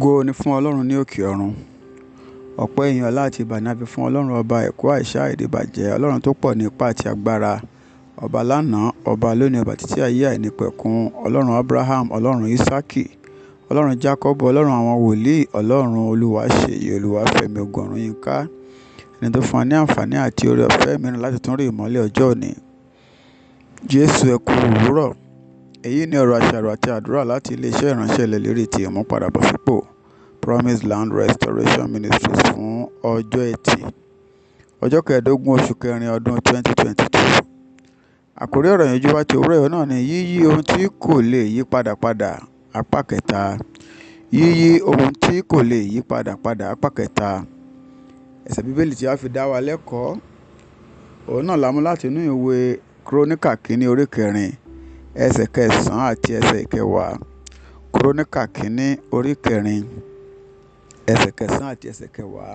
Ògo ni fún Ọlọ́run ní òkè ọ̀run. Ọ̀pọ̀ ìyìn ọlá àti ìbà ni a fi fún Ọlọ́run ọba Èkó àìsà àìdìbàjẹ́, Ọlọ́run tó pọ̀ ní ipá àti agbára. Ọba lánàá, ọba lónìí, ọba títí ayé àìnípẹ̀kun. Ọlọ́run Abraham, Ọlọ́run Isaaki, Ọlọ́run Jakọbu, Ọlọ́run àwọn wòlíì, Ọlọ́run Olúwaṣeyì, Olúwafẹ́mi ogun ọ̀run yín ká. Ẹni tó fún wa ní àǹfààní àti oore ọ̀fẹ́ mìíràn láti tún rí ìmọ́lẹ̀ ọjọ́ òní. Jésù ẹ kú òwúrọ̀ èyí ni ọ̀rọ̀ àṣàrò àti àdúrà láti iléeṣẹ́ ìránṣẹ́ ilẹ̀ lérí ti ìmúpadàbọ̀sípò promise land restoration ministries fún ọjọ́ etí ọjọ́ kẹẹ̀ẹ́dógún oṣù kẹrin ọdún twenty twenty two àkórí ọ̀rọ̀ yẹn wa ti òwúrọ̀ náà ni yíyí ohun tí kò lè yí padà padà apá kẹta yíyí ohun tí kò lè yí padà padà apá kẹta ẹsẹ̀ bíbélì tí a fi dá wa lẹ́kọ̀ọ́ òun náà lámú láti inú ìwé kíróníkà kínní orí kẹrin ẹsẹ̀ kẹsàn-án àti ẹsẹ̀ ìkẹwàá kúrónìkà kínní orí kẹrin ẹsẹ̀ kẹsàn-án àti ẹsẹ̀ kẹwàá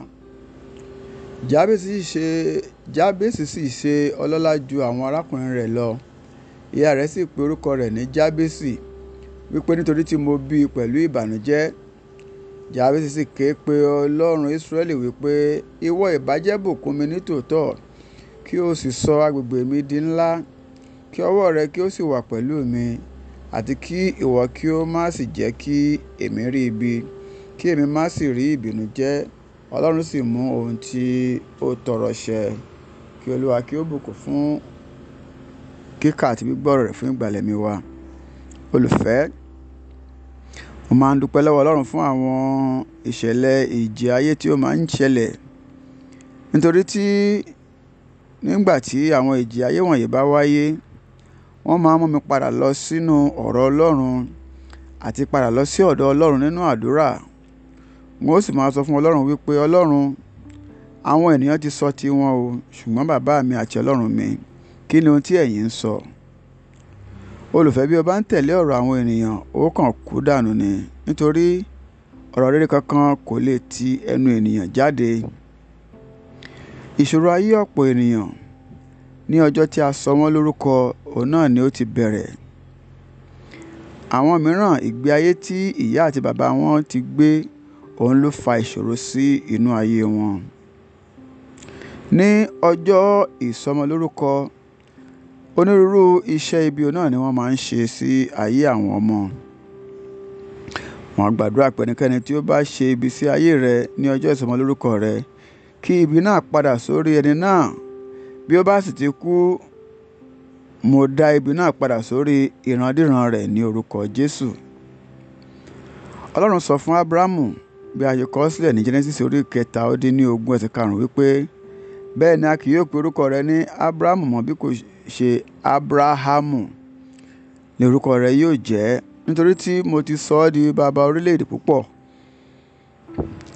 jábèsì ṣe jábèsì sì ṣe ọlọ́lá ju àwọn arákùnrin rẹ̀ lọ ìyá rẹ̀ sì pe orúkọ rẹ̀ ní jábèsì wípé nítorí tí mo bí i pẹ̀lú ìbànújẹ́ jábèsì sì ké pe ọlọ́run ìsírẹ́lì wípé ìwọ ìbá bùkún mi nítòótọ́ kí o sì sọ agbègbè mi di ńlá kí ọwọ́ rẹ kí ó sì wà pẹ̀lú mi, àti kí ìwọ kí ó má sì jẹ́ kí èmi rí ibi, kí èmi má sì rí ìbìnújẹ́, Ọlọ́run sì mú ohun tí ó tọrọ ṣẹ. Kí Olúwa kí ó bùkún fún kíkà àti gbígbọ́ rẹ̀ fún ìgbàlẹ̀ mi wa. Olùfẹ́, mo máa ń dúpẹ́ lọ́wọ́ Ọlọ́run fún àwọn ìṣẹ̀lẹ̀ ìjì ayé tí ó máa ń ṣẹlẹ̀. Nítorí tí nígbà tí àwọn ìjì ayé wọ̀nyí bá wáyé, wọ́n máa ń mú mi padà lọ sínú ọ̀rọ̀ Ọlọ́run àti padà lọ sí ọ̀dọ̀ Ọlọ́run nínú àdúrà. N ó sì máa sọ fún Ọlọ́run wípé Ọlọ́run, àwọn ènìyàn ti sọ ti wọn o, ṣùgbọ́n bàbá mi àti Ọlọ́run mi, kí ni ohun tí ẹ̀yin ń sọ? Olùfẹ́ bí o bá ń tẹ̀lé ọ̀rọ̀ àwọn ènìyàn, ó kàn kú dànù ni. Nítorí ọ̀rọ̀ rere kankan kò lè ti ẹnu ènìyàn jáde. Ìṣòro ayé ọ̀pọ̀ ènìyàn ní ọjọ́ tí a sọ wọ́n lórúkọ òun náà ni ó ti bẹ̀rẹ̀. Àwọn mìíràn ìgbé ayé tí ìyá àti bàbá wọn ti gbé òun ló fa ìṣòro sí inú ayé wọn. Ní ọjọ́ ìsọmọlórúkọ, onírúurú iṣẹ́ ibi òun náà ni wọ́n máa ń ṣe sí ayé àwọn ọmọ. Wọ́n gbàdúrà pé ẹnikẹ́ni tí ó bá ṣe ibi sí ayé rẹ̀ ní ọjọ́ ìsọmọlórúkọ rẹ̀, kí ibi náà padà sórí ẹni náà. Bí ó bá sì ti kú, mo dá ibi náà padà sórí ìrandíran rẹ̀ ní orúkọ jésù ọlọ́run sọ fún ábúráhámù bí a ṣe kọ sílẹ̀ ní genesis orí kẹta ó dín ní ogún ẹsẹ̀ karùn-ún wípé bẹ́ẹ̀ ni a kì yóò pe orúkọ rẹ ní ábúráhámù mọ̀ bí kò ṣe ábúráhámù ní orúkọ rẹ yóò jẹ́ nítorí tí mo ti sọ ọ́ di bàbá orílẹ̀-èdè púpọ̀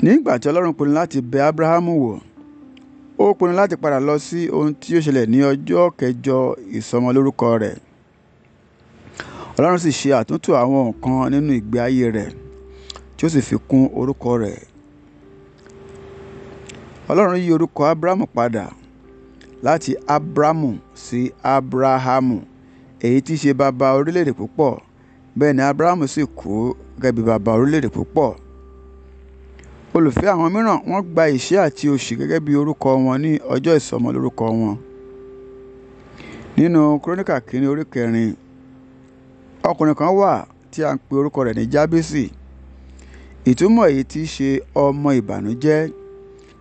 nígbà tí ọlọ́run pinnu láti bẹ ábúráhámù wò ó pinnu láti padà lọ sí ohun tí ó ṣẹlẹ̀ ní ọjọ́ kẹjọ ìsọmọlórúkọ rẹ̀ ọlọ́run sì ṣe àtúntò àwọn nǹkan nínú ìgbé ayé rẹ̀ tí ó sì fi kún orúkọ rẹ̀ ọlọ́run yí orúkọ abrahamu padà láti abrahamu sí abrahamu èyí tí í ṣe bàbá orílẹ̀-èdè púpọ̀ bẹ́ẹ̀ ni abrahamu sì kú gẹ́gẹ́ bí bàbá orílẹ̀-èdè púpọ̀ olùfẹ́ àwọn mìíràn wọ́n gba ìṣẹ́ àti òṣì gẹ́gẹ́ bí orúkọ wọn ní ọjọ́ ìsọmọlórúkọ wọn nínú kúrónìkà kínní orí kẹrin ọkùnrin kan wà tí a ń pe orúkọ rẹ̀ ní jábésì ìtumọ̀ èyí tí í ṣe ọmọ ìbànújẹ́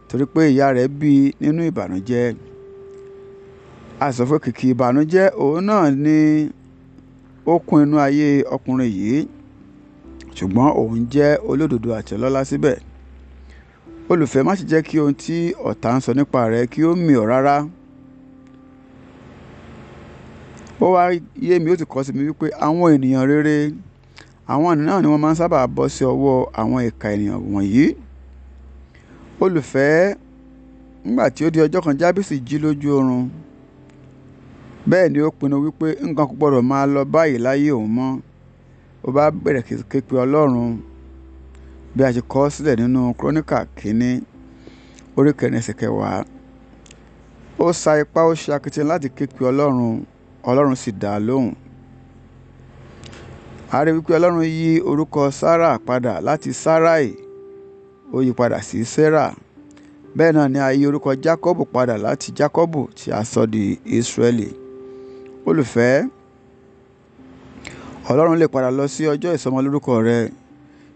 torí pé ìyá rẹ̀ bí nínú ìbànújẹ́ a sọ pé kìkì ìbànújẹ́ òun náà ni ó kún inú ayé ọkùnrin yìí ṣùgbọ́n òun jẹ́ olódodo àti ọlọ́lá síbẹ̀ olùfẹ́ má ṣe jẹ́ kí ohun tí ọ̀tá ń sọ nípa rẹ kí ó mì ọ́ rárá ó wá yé mi ó ti kọ́ sí mi wípé àwọn ènìyàn rere àwọn àná náà ni wọ́n máa ń sábà bọ́ sí ọwọ́ àwọn ìka ènìyàn wọ̀nyí olùfẹ́ nígbà tí ó di ọjọ́ kan jábìsì jí lójú oorun bẹ́ẹ̀ ni ó pinnu wípé nǹkan kò gbọ́dọ̀ máa lọ báyìí láyé òun mọ́ ó bá bẹ̀rẹ̀ képe ọlọ́run bí a ṣe kọ ọ́ sílẹ̀ nínú kúrónìkà kínní orí kẹrin ẹsẹ̀ kẹwàá ó sa ipá ó ṣe akitiyan láti ké pe ọlọ́run ọlọ́run sì dá lóhùn a wípé ọlọ́run yí orúkọ sarah padà láti sarai ó yí padà sí sarah bẹ́ẹ̀ náà ni a yí orúkọ jacob padà láti jacob tí a sọ di israeli olùfẹ́ ọlọ́run lè padà lọ sí ọjọ́ ìsọmọlórúkọ rẹ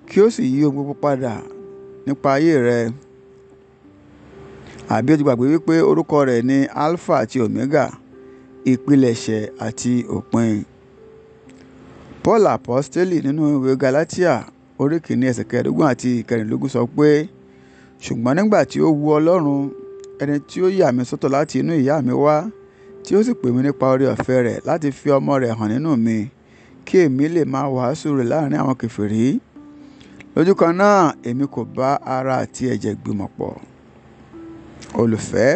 kí ó sì yí ohun gbogbo padà nípa ayé rẹ. Àbí o ti gbàgbé wípé orúkọ rẹ̀ ni Alpha àti Omega, ìpilẹ̀ṣẹ̀ àti òpin. Paul Aposteli nínú ìwé Galatia orí kìíní ẹsẹ̀ kẹẹ̀ẹ́dógún àti ìkẹrìnlógún sọ pé, ṣùgbọ́n nígbà tí ó wu Ọlọ́run ẹni tí ó yà mí sọ́tọ̀ láti inú ìyá mi wá, tí ó sì pè mí nípa oore-ọ̀fẹ́ rẹ̀ láti fi ọmọ rẹ̀ hàn nínú mi, kí èmi lè máa wàásù rẹ̀ láàrín àwọn kèfèrí, lójú kan náà èmi kò bá ara àti ẹ̀jẹ̀ gbìmọ̀ pọ̀ olùfẹ́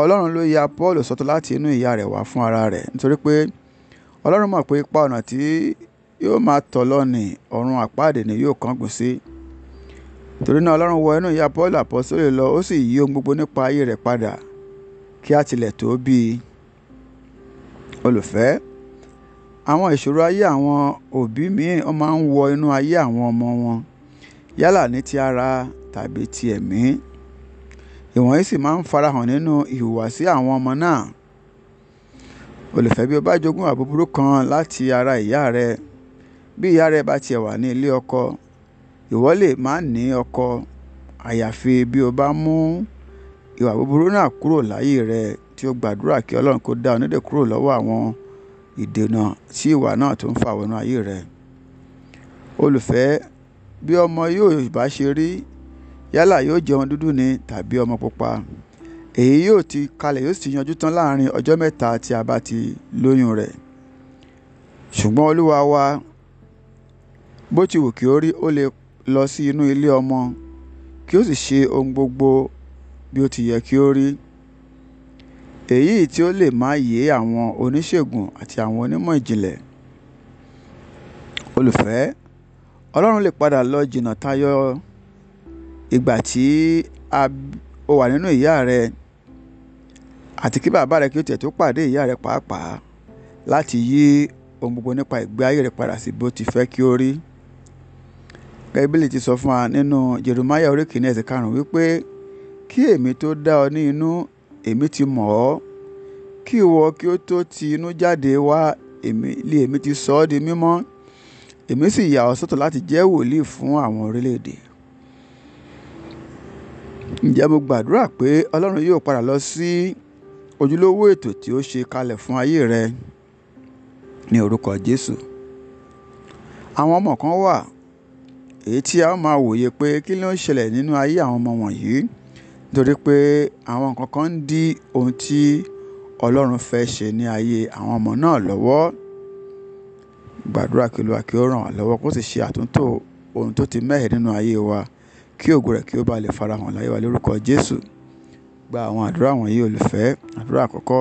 ọlọ́run ló ya paul sọ́tọ̀ láti inú ìyà rẹ̀ wá fún ara rẹ̀ nítorí pé ọlọ́run mọ̀ pé ipa ọ̀nà tí yóò máa tọ̀ lọ́nì ọ̀run àpáàdé ni yóò kángun sí torí náà ọlọ́run wọ inú ìyà paul àpọ́sólè lọ ó sì yí ohun gbogbo nípa ayé rẹ̀ padà kí a tilẹ̀ tó bí olùfẹ́ àwọn ìṣòro ayé àwọn òbí míì máa ń wọ inú ayé àwọn ọmọ wọn yálà ní ti ara tàbí ti ẹ̀mí ìwọ̀nyí sì máa ń farahàn nínú ìhùwàsí àwọn ọmọ náà o lè fẹ́ bí o bá jogún àbúburú kan láti ara ìyá rẹ bí ìyá rẹ bá tiẹ̀ wà ní ilé ọkọ ìwọ lè má ní ọkọ àyàfi bí o bá mú ìwà búburú náà kúrò láyé rẹ tí o gbàdúrà kí ọlọ́run kó dá onídè kúrò lọ́wọ́ àwọn ìdènà tí ìwà náà tún fà wọnú ayé rẹ̀. Olùfẹ́, bí ọmọ yóò bá ṣe rí, yálà yóò jẹ́ ọmọ dúdú ni tàbí ọmọ pupa, èyí yóò ti kalẹ̀ yóò sì yanjú tán láàrin ọjọ́ mẹ́ta tí a bá ti lóyún rẹ̀. Ṣùgbọ́n Olúwa wa, bó ti wù kí ó rí, ó lè lọ sí inú ilé ọmọ kí ó sì ṣe ohun gbogbo bí ó ti yẹ kí ó rí èyí tí ó lè má yé àwọn oníṣègùn àti àwọn onímọ̀ ìjìnlẹ̀. olùfẹ́ ọlọ́run lè padà lọ jìnnà tayọ ìgbà tí o wà nínú ìyá rẹ àti kí bàbá rẹ kí o tiẹ̀ tó pàdé ìyá rẹ pàápàá láti yí ohun gbogbo nípa ìgbé ayé rẹ padà sí bó ti fẹ́ kí ó rí. bíbélì ti sọ fún wa nínú jeremiah orí kìíní karùn-ún wípé kí èmi tó dá ọ ní inú èmi ti mọ̀ ọ́ kí ìwọ kí ó tó ti inú jáde wá èmi lé èmi ti sọ ọ́ di mímọ́ èmi sì yà ọ́ sọ́tọ̀ láti jẹ́ wòlíì fún àwọn orílẹ̀-èdè ǹjẹ́ mo gbàdúrà pé ọlọ́run yóò padà lọ sí ojúlówó ètò tí ó ṣe kalẹ̀ fún ayé rẹ ní orúkọ jésù àwọn ọmọ kan wà èyí tí a máa wòye pé kí ló ń ṣẹlẹ̀ nínú ayé àwọn ọmọ wọ̀nyí nítorí pé àwọn nǹkan kan ń dí ohun tí Ọlọ́run fẹ́ ṣe ní ayé àwọn ọmọ náà lọ́wọ́. Gbàdúrà kí Olúwa kí ó ràn wá lọ́wọ́ kó sì ṣe àtúntò ohun tó ti mẹ́hẹ̀ nínú ayé wa kí ògo rẹ̀ kí ó bá lè farahàn láyé wa lórúkọ Jésù. Gba àwọn àdúrà wọ̀nyí olùfẹ́. Àdúrà àkọ́kọ́.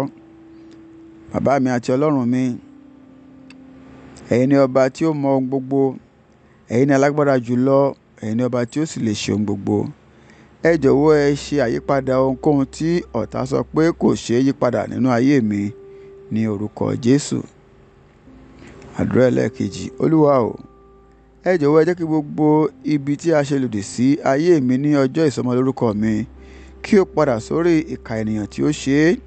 Bàbá mi àti Ọlọ́run mi, ẹ̀yin ni ọba tí ó mọ ohun gbogbo, ẹ̀yin ni alágbára jùlọ, ẹ̀yin ni ọba tí ó sì lè ṣe ohun gbogbo ẹ jọ̀wọ́ ẹ ṣe àyípadà ohunkóhun tí ọ̀tá sọ pé kò ṣeé yípadà nínú ayé mi ní orúkọ jésù àdúrà ẹlẹ́ẹ̀kejì olúwa o ẹ jọ̀wọ́ ẹ jẹ́ kí gbogbo ibi tí a ṣe lòdì sí ayé mi ní ọjọ́ ìsọmọlórúkọ mi kí ó padà sórí ìka ènìyàn tí ó ṣe é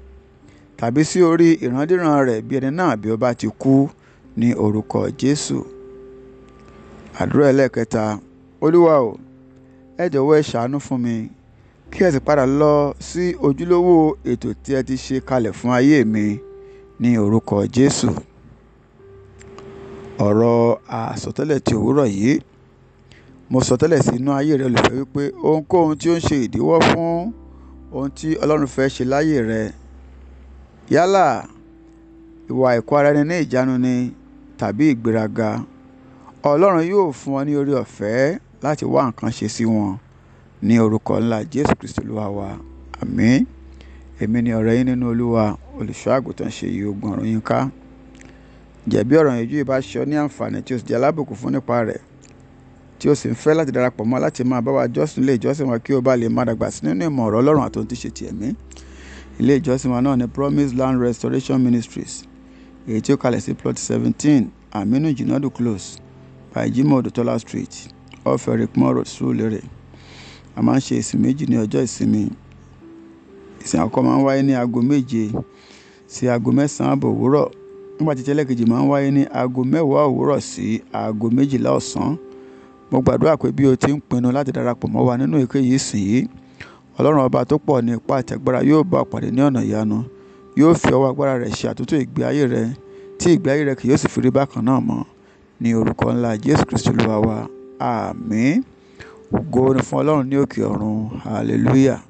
tàbí sí orí ìrandíran rẹ̀ bí ẹni náà bí ó bá ti kú ní orúkọ jésù àdúrà ẹlẹ́ẹ̀kẹta olúwa o ẹ jọ̀wọ́ ẹ ṣàánú fún mi kí ẹ sì padà lọ sí ojúlówó ètò tí ẹ ti ṣe kalẹ̀ fún ayé mi ní orúkọ jésù ọ̀rọ̀ àsọtẹ́lẹ̀ ti òwúrọ̀ yìí mo sọtẹ́lẹ̀ sí inú ayé rẹ olùfẹ́ wípé ohunkóhun tí ó ń ṣe ìdíwọ́ fún ohun tí ọlọ́run fẹ́ ṣe láyé rẹ yálà ìwà ẹ̀kọ́ ara ẹni ní ìjánu ni tàbí ìgbéraga ọlọ́run yóò fún ọ ní orí ọ̀fẹ́ láti wá nǹkan ṣe sí wọn ní orúkọ ńlá jésù kristu olúwa wa àmín èmi ni ọ̀rẹ́ yín nínú olúwa olùṣọ́ àgùntàn ṣèyí ogun ọ̀run yín ká jẹ̀bi ọ̀rọ̀ yẹn ju ìbá ṣọ ní àǹfààní tí o sì jẹ́ alábòkú fún nípa rẹ̀ tí o sì ń fẹ́ láti darapọ̀ mọ́ láti máa bá wa jọ́sìn ilé ìjọsìn wa kí o bá lè máa dàgbà sí nínú ìmọ̀ ọ̀rọ̀ ọlọ́run àti ohun tí ṣe ti ẹ̀mí ilé ìjọsìn wa náà ni promise land restoration ministries èyí tí ó kalẹ̀ sí plot seventeen aminu jinadu close by jimoh odutola street ọ̀fẹ́ rẹ̀ pọ́n sùúrù rẹ̀ a máa ń ṣe ìsìn méjì ní ọjọ́ ìsinmi ìsìn àkọ́kọ́ máa ń wáyé ní aago méje sí aago mẹ́sàn-án àbọ̀ òwúrọ̀ nígbà tí tẹ́lẹ̀kejì máa ń wáyé ní aago mẹ́wàá òwúrọ̀ sí aago méjìlá ọ̀sán mo gbàdúrà pé bí o ti ń pinnu láti darapọ̀ mọ́ wa nínú èkéyìí ìsìn yìí ọlọ́run ọba tó pọ̀ ní ipá àtẹ̀gbára yóò bá pàdé ní ọ̀nà ìyanu yóò fi ọwọ́ agbára rẹ̀ ṣe àtúntò ìgbé ayé rẹ̀ tí ìgbé ayé rẹ̀ kì yóò sì fi rí bákan náà mọ́ ní orúkọ ńlá jésù kristu olúwa wa àmín. Ògo ni fún Ọlọ́run ní òkè ọ̀run. Hallelujah.